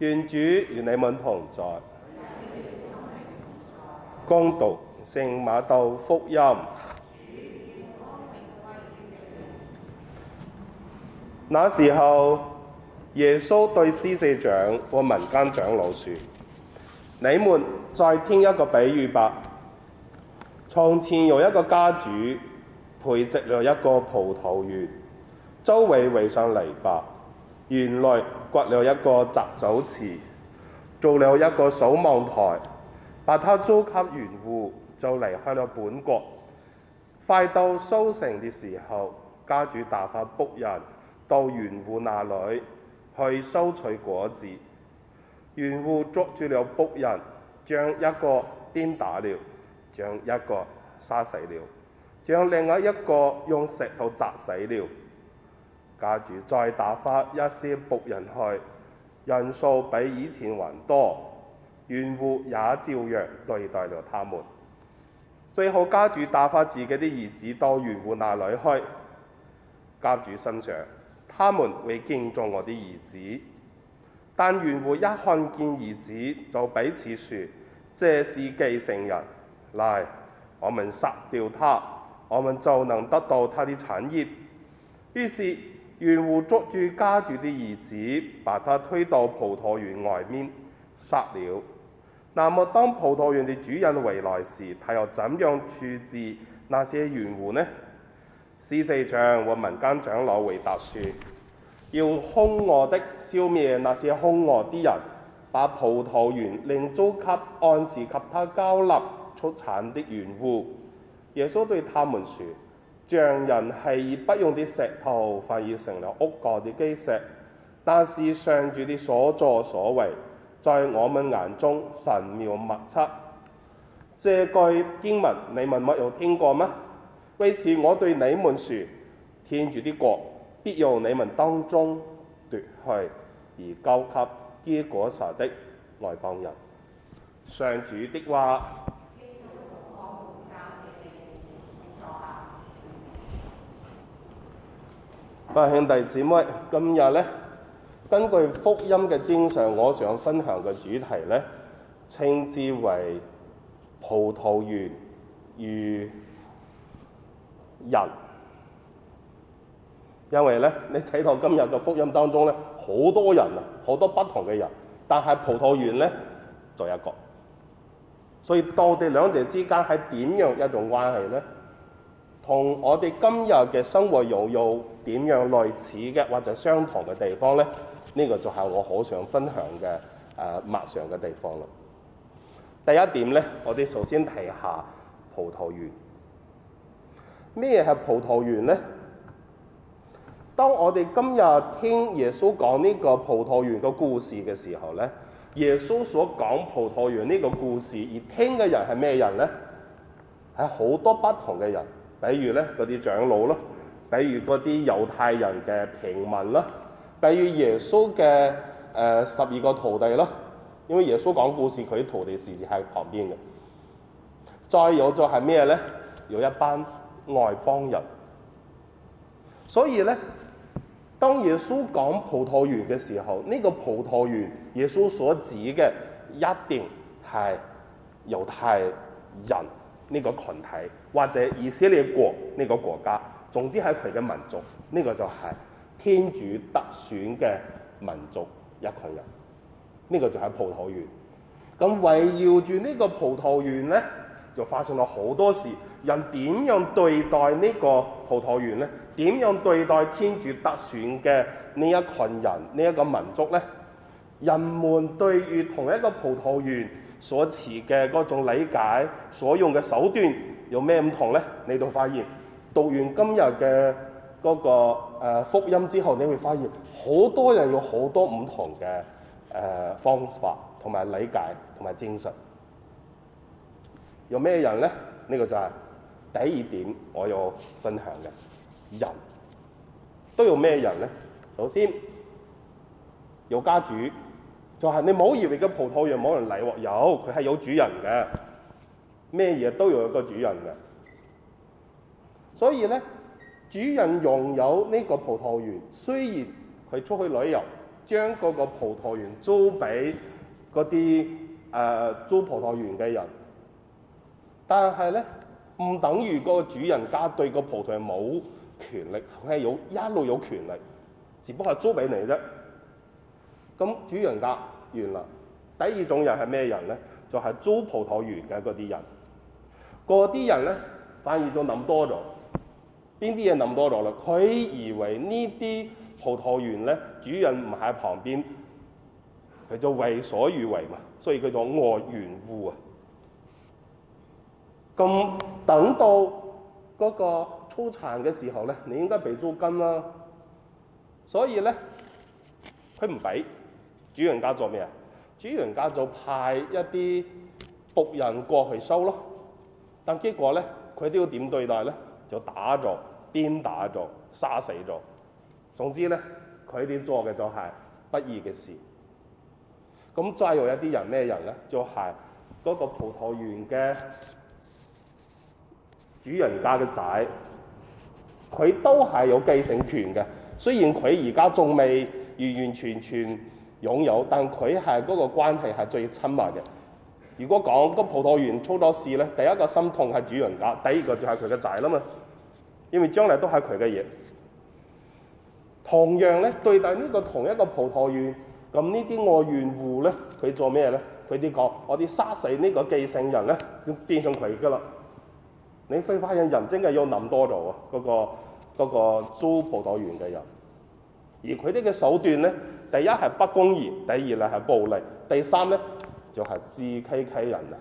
願主與你們同在。共讀《聖馬道福音》，那時候耶穌對司祭長和民間長老說：你們再聽一個比喻吧。從前有一個家主培植了一個葡萄園，周圍圍上籬笆，園內。掘了一個雜草池，做了一個守望台，把它租給園戶，就離開了本國。快到收成的時候，家主打發僕人到園戶那裏去收取果子，園戶捉住了僕人，將一個鞭打了，將一個殺死了，將另外一個用石頭砸死了。家主再打發一些僕人去，人數比以前還多。園戶也照樣對待了他們。最後，家主打發自己的兒子到園戶那裏去。家主心想：他們會敬重我的兒子。但園戶一看見兒子，就彼此説：這是繼承人，嚟，我們殺掉他，我們就能得到他的產業。於是，園戶捉住家主的兒子，把他推到葡萄園外面殺了。那麼當葡萄園的主人回來時，他又怎樣處置那些園戶呢？司祭長和民間長老回答說：要凶惡的消滅那些凶惡的人，把葡萄園另租給按時給他交納出產的園戶。耶穌對他們說。匠人係不用啲石頭，反而成了屋角啲基石。但是上主啲所作所為，在我們眼中神妙莫測。這句經文，你們沒有聽過嗎？為此，我對你們説：天主啲國必由你們當中奪去，而交給結果實的外邦人。上主的話。各位兄弟姊妹，今日咧根據福音嘅精神，我想分享嘅主題咧，稱之為葡萄園與人。因為咧，你睇到今日嘅福音當中咧，好多人啊，好多不同嘅人，但係葡萄園咧就一個。所以，到底兩者之間係點樣一種關係咧？同我哋今日嘅生活又有點樣類似嘅或者相同嘅地方咧？呢個就係我好想分享嘅，誒默想嘅地方咯。第一點咧，我哋首先睇下葡萄園。咩係葡萄園咧？當我哋今日聽耶穌講呢個葡萄園嘅故事嘅時候咧，耶穌所講葡萄園呢個故事而聽嘅人係咩人咧？係好多不同嘅人。比如咧，嗰啲長老咯，比如嗰啲猶太人嘅平民啦，比如耶穌嘅誒十二個徒弟咯，因為耶穌講故事，佢啲徒弟時時喺旁邊嘅。再有就係咩咧？有一班外邦人。所以咧，當耶穌講葡萄園嘅時候，呢個葡萄園耶穌所指嘅一定係猶太人呢個群體。或者以色列國呢個國家，總之係佢嘅民族，呢個就係天主特選嘅民族一群人，呢個就係葡萄園。咁圍繞住呢個葡萄園呢，就發生咗好多事。人點樣對待呢個葡萄園呢？點樣對待天主特選嘅呢一群人、呢一個民族呢？人們對於同一個葡萄園所持嘅嗰種理解、所用嘅手段。有咩唔同咧？你都發現，讀完今日嘅嗰個福音之後，你會發現好多人有好多唔同嘅方法同埋理解同埋精神。有咩人咧？呢個就係第二點我要分享嘅人。都有咩人咧？首先有家主，就係你冇以為嘅葡萄園冇人嚟喎，有，佢係有，有主人嘅。咩嘢都有一個主人嘅，所以咧，主人擁有呢個葡萄園，雖然佢出去旅遊，將嗰個葡萄園租俾嗰啲誒租葡萄園嘅人，但是呢，但係咧唔等於嗰個主人家對個葡萄園冇權力，佢係有一路有權力，只不過係租俾你啫。咁主人家完啦。第二種人係咩人咧？就係、是、租葡萄園嘅嗰啲人。嗰啲人咧，反而就諗多咗。邊啲嘢諗多咗咧？佢以為呢啲葡萄園咧，主人唔喺旁邊，佢就為所欲為嘛。所以佢叫做惡園戶啊。咁等到嗰個收產嘅時候咧，你應該俾租金啦。所以咧，佢唔俾。主人家做咩啊？主人家就派一啲僕人過去收咯。但結果咧，佢都要點對待咧？就打咗、鞭打咗、殺死咗。總之咧，佢哋做嘅就係不義嘅事。咁再有一啲人咩人咧？就係、是、嗰個葡萄園嘅主人家嘅仔，佢都係有繼承權嘅。雖然佢而家仲未完完全全擁有，但佢係嗰個關係係最親密嘅。如果講個葡萄園錯咗事咧，第一個心痛係主人家，第二個就係佢嘅仔啦嘛，因為將嚟都係佢嘅嘢。同樣咧，對待呢個同一個葡萄園，咁呢啲外園戶咧，佢做咩咧？佢哋講：我哋殺死呢個繼承人咧，就變成佢噶啦。你會發現人真係要諗多咗啊！嗰、嗰個嗰個租葡萄園嘅人，而佢哋嘅手段咧，第一係不公義，第二咧係暴力，第三咧。就係自欺欺人啦，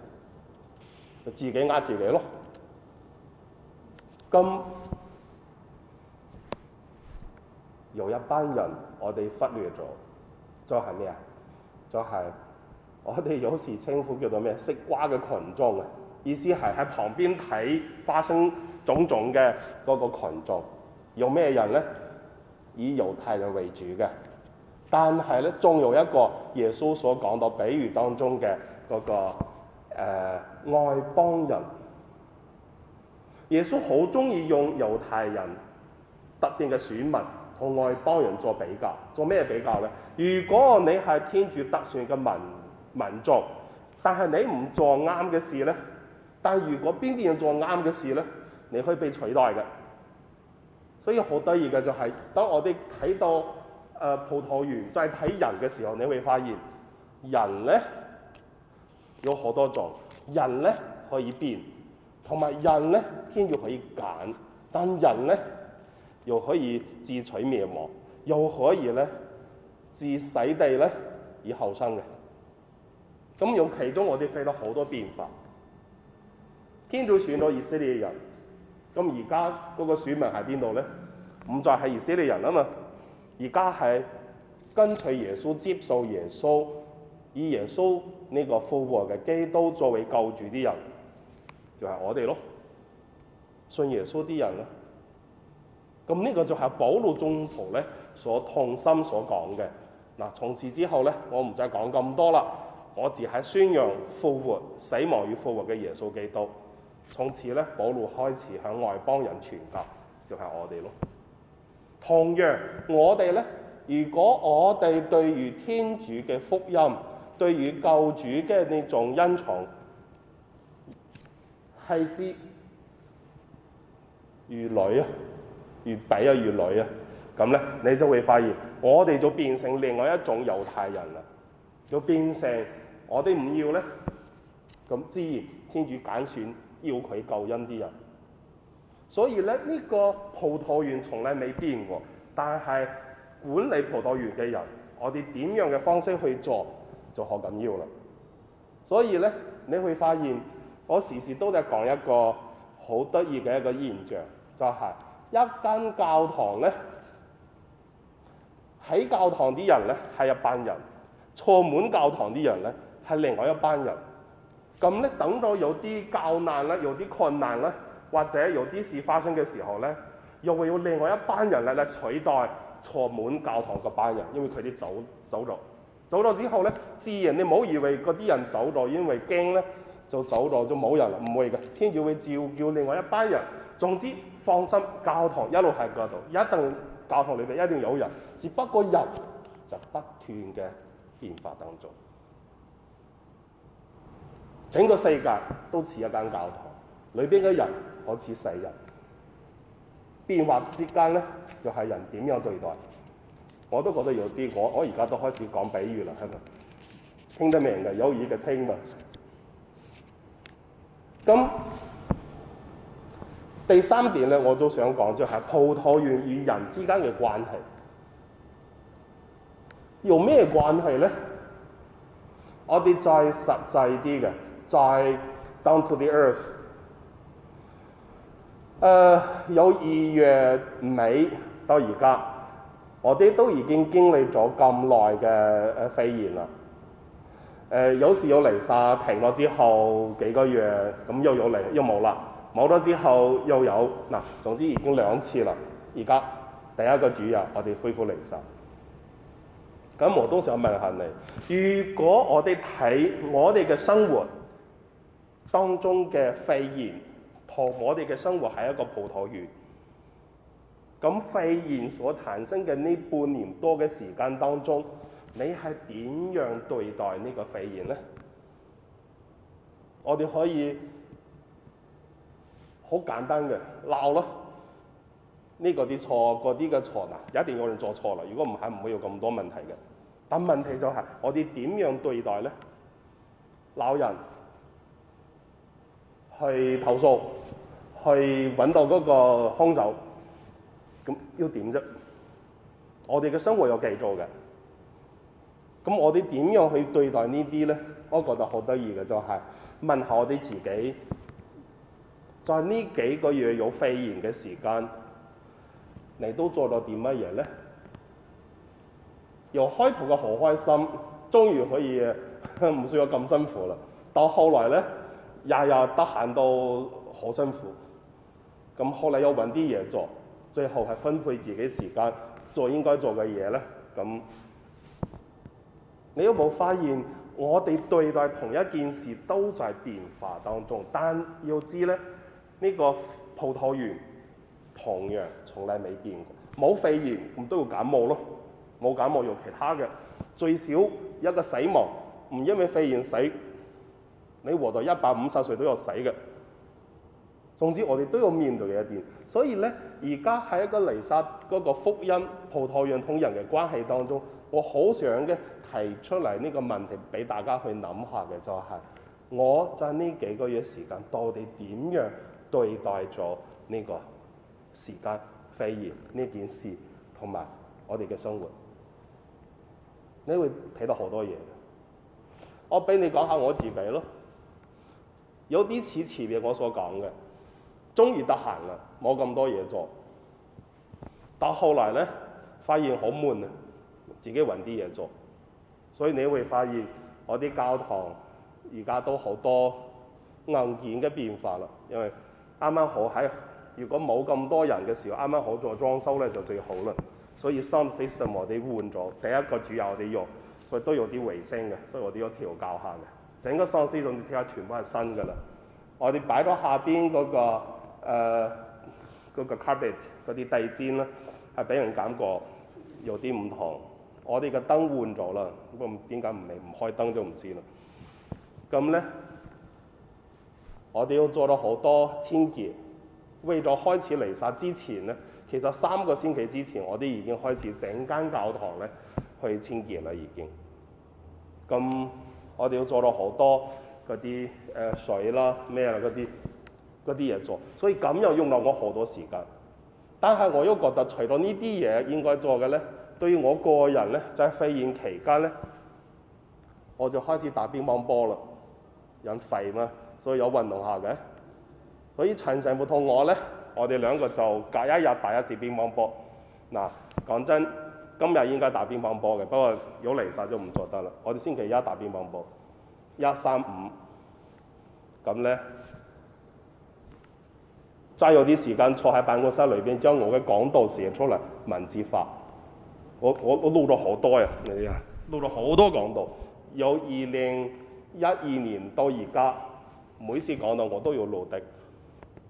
就自己呃自己咯。咁有一班人我哋忽略咗，就係咩啊？就係、是、我哋有時稱呼叫做咩？西瓜嘅群眾啊，意思係喺旁邊睇花生種種嘅嗰個群眾，有咩人咧？以猶太人為主嘅。但係咧，仲有一個耶穌所講到比喻當中嘅嗰、那個、呃、外邦人。耶穌好中意用猶太人特定嘅選民同外邦人作比較，做咩比較咧？如果你係天主特選嘅民民族，但係你唔做啱嘅事咧，但如果邊啲人做啱嘅事咧，你可以被取代嘅。所以好得意嘅就係、是，當我哋睇到。誒、呃、葡萄園就係睇人嘅時候，你會發現人咧有好多種，人咧可以變，同埋人咧天主可以揀，但人咧又可以自取滅亡，又可以咧自死地咧以後生嘅。咁用其中我哋睇到好多變化。天主選到以色列人，咁而家嗰個選民喺邊度咧？唔再係以色列人啊嘛。而家係跟隨耶穌、接受耶穌、以耶穌呢個復活嘅基督作為救主啲人，就係我哋咯。信耶穌啲人啦，咁呢個就係保路宗徒咧所痛心所講嘅。嗱，從此之後咧，我唔再講咁多啦，我只係宣揚復活、死亡與復活嘅耶穌基督。從此咧，保路開始向外邦人傳教，就係我哋咯。同樣我哋咧，如果我哋對於天主嘅福音，對於救主嘅呢種恩寵係之越累啊，越畀啊越累啊，咁咧你就會發現，我哋就變成另外一種猶太人啦，就變成我哋唔要咧，咁自然天主揀選要佢救恩啲人。所以咧，呢個葡萄園從來未變過，但係管理葡萄園嘅人，我哋點樣嘅方式去做就好緊要啦。所以咧，你會發現我時時都係講一個好得意嘅一個現象，就係一間教堂咧，喺教堂啲人咧係一班人，坐滿教堂啲人咧係另外一班人。咁咧，等到有啲教難啦，有啲困難啦。或者有啲事發生嘅時候咧，又會有另外一班人嚟咧取代坐滿教堂嗰班人，因為佢哋走走咗，走咗之後咧，自然你唔好以為嗰啲人走咗，因為驚咧就走咗就冇人啦，唔會嘅，天主會召叫另外一班人。總之放心，教堂一路喺嗰度，一定教堂裏邊一定有人，只不過人就不斷嘅變化當中，整個世界都似一間教堂。裏邊嘅人，好似世人，變化之間咧，就係、是、人點樣對待。我都覺得有啲，我我而家都開始講比喻啦，係咪？聽得明嘅，有耳嘅聽嘛。咁第三點咧，我都想講就係葡萄園與人之間嘅關係。用咩關係咧？我哋再實際啲嘅，再 down to the earth。誒、呃、有二月尾到而家，我哋都已經經歷咗咁耐嘅肺炎啦。誒、呃、有時有離晒，停咗之後幾個月，咁又有嚟，又冇啦。冇咗之後又有嗱，總之已經兩次啦。而家第一個主日我哋恢復離晒。咁我都想問下你，如果我哋睇我哋嘅生活當中嘅肺炎？我哋嘅生活係一個葡萄園。咁肺炎所產生嘅呢半年多嘅時間當中，你係點樣對待呢個肺炎咧？我哋可以好簡單嘅鬧咯。呢個啲錯，嗰啲嘅錯嗱，一定我哋做錯啦。如果唔係，唔會有咁多問題嘅。但問題就係，我哋點樣對待咧？鬧人。去投訴，去揾到嗰個兇手，咁要點啫？我哋嘅生活有幾多嘅？咁我哋點樣去對待呢啲咧？我覺得好得意嘅，就係問下我哋自己，在、就、呢、係幾個月有肺炎嘅時間，你都做到點乜嘢咧？由開頭嘅好開心，終於可以唔 需要咁辛苦啦，到後來咧。日日得閒到好辛苦，咁後嚟又揾啲嘢做，最後係分配自己時間做應該做嘅嘢咧。咁你有冇發現我哋對待同一件事都在變化當中？但要知咧，呢、這個葡萄園同樣從來未變過。冇肺炎，唔都要感冒咯。冇感冒，用其他嘅最少一個死亡，唔因為肺炎死。你活到一百五十歲都有死嘅，總之我哋都要面對嘅一點，所以咧而家喺一個嚟沙嗰個福音葡萄園同人嘅關係當中，我好想嘅提出嚟呢個問題俾大家去諗下嘅就係、是，我就喺呢幾個月時間，到底點樣對待咗呢個時間肺炎呢件事同埋我哋嘅生活，你會睇到好多嘢。我俾你講下我自己咯。有啲似前面我所講嘅，終於得閒啦，冇咁多嘢做。但後嚟咧，發現好悶啊，自己揾啲嘢做。所以你會發現我啲教堂而家都好多硬件嘅變化啦，因為啱啱好喺，如果冇咁多人嘅時候，啱啱好做裝修咧就最好啦。所以 some system 我哋換咗，第一個主要我哋用，所以都有啲衛星嘅，所以我哋要調教下嘅。整個喪屍，總之睇下全部係新㗎啦。我哋擺咗下邊嗰、那個誒嗰、呃那個、carpet 嗰啲地氈咧，係俾人感覺有啲唔同，我哋嘅燈換咗啦，咁點解唔嚟唔開燈就唔知啦。咁咧我哋都做咗好多清潔，為咗開始彌撒之前咧，其實三個星期之前我哋已經開始整間教堂咧去清潔啦，已經咁。那我哋要做到好多嗰啲誒水啦咩啦嗰啲啲嘢做，所以咁又用落我好多時間。但係我都覺得除咗呢啲嘢應該做嘅咧，對於我個人咧，喺肺炎期間咧，我就開始打乒乓波啦，引肺嘛，所以有運動下嘅。所以陳 sir 同我咧，我哋兩個就隔一日打一次乒乓波。嗱、啊，講真。今日應該打乒乓波嘅，不過攞嚟晒都唔做得啦。我哋星期一打乒乓波，1, 3, 一三五咁咧，揸有啲時間坐喺辦公室裏邊，將我嘅講道寫出嚟文字化。我我我錄咗好多啊！你啊，錄咗好多講道，由二零一二年到而家，每次講道我都要錄的，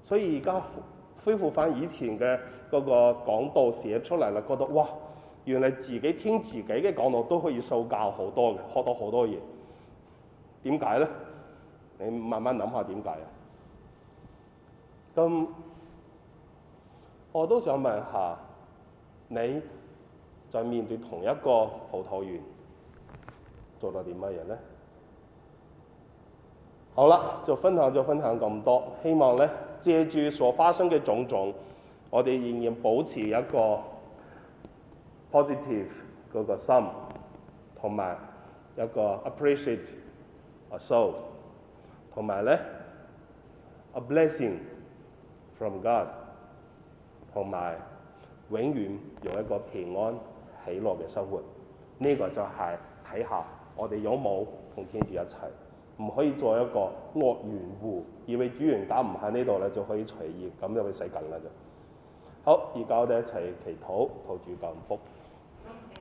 所以而家恢復返以前嘅嗰個講道寫出嚟啦，覺得哇！原來自己聽自己嘅講話都可以受教好多嘅，學到好多嘢。點解咧？你慢慢諗下點解啊？咁我都想問下，你就面對同一個葡萄園，做咗啲乜嘢咧？好啦，就分享就分享咁多，希望咧借住所發生嘅種種，我哋仍然保持一個。positive 嗰個心，同埋一個 appreciate a soul 同埋咧，a blessing from God，同埋永遠有一個平安喜樂嘅生活，呢個就係睇下我哋有冇同天主一齊，唔可以做一個惡緣戶，而位主耶打唔喺呢度咧，就可以隨意咁就會死緊啦就。好，而家我哋一齊祈禱，求主降福。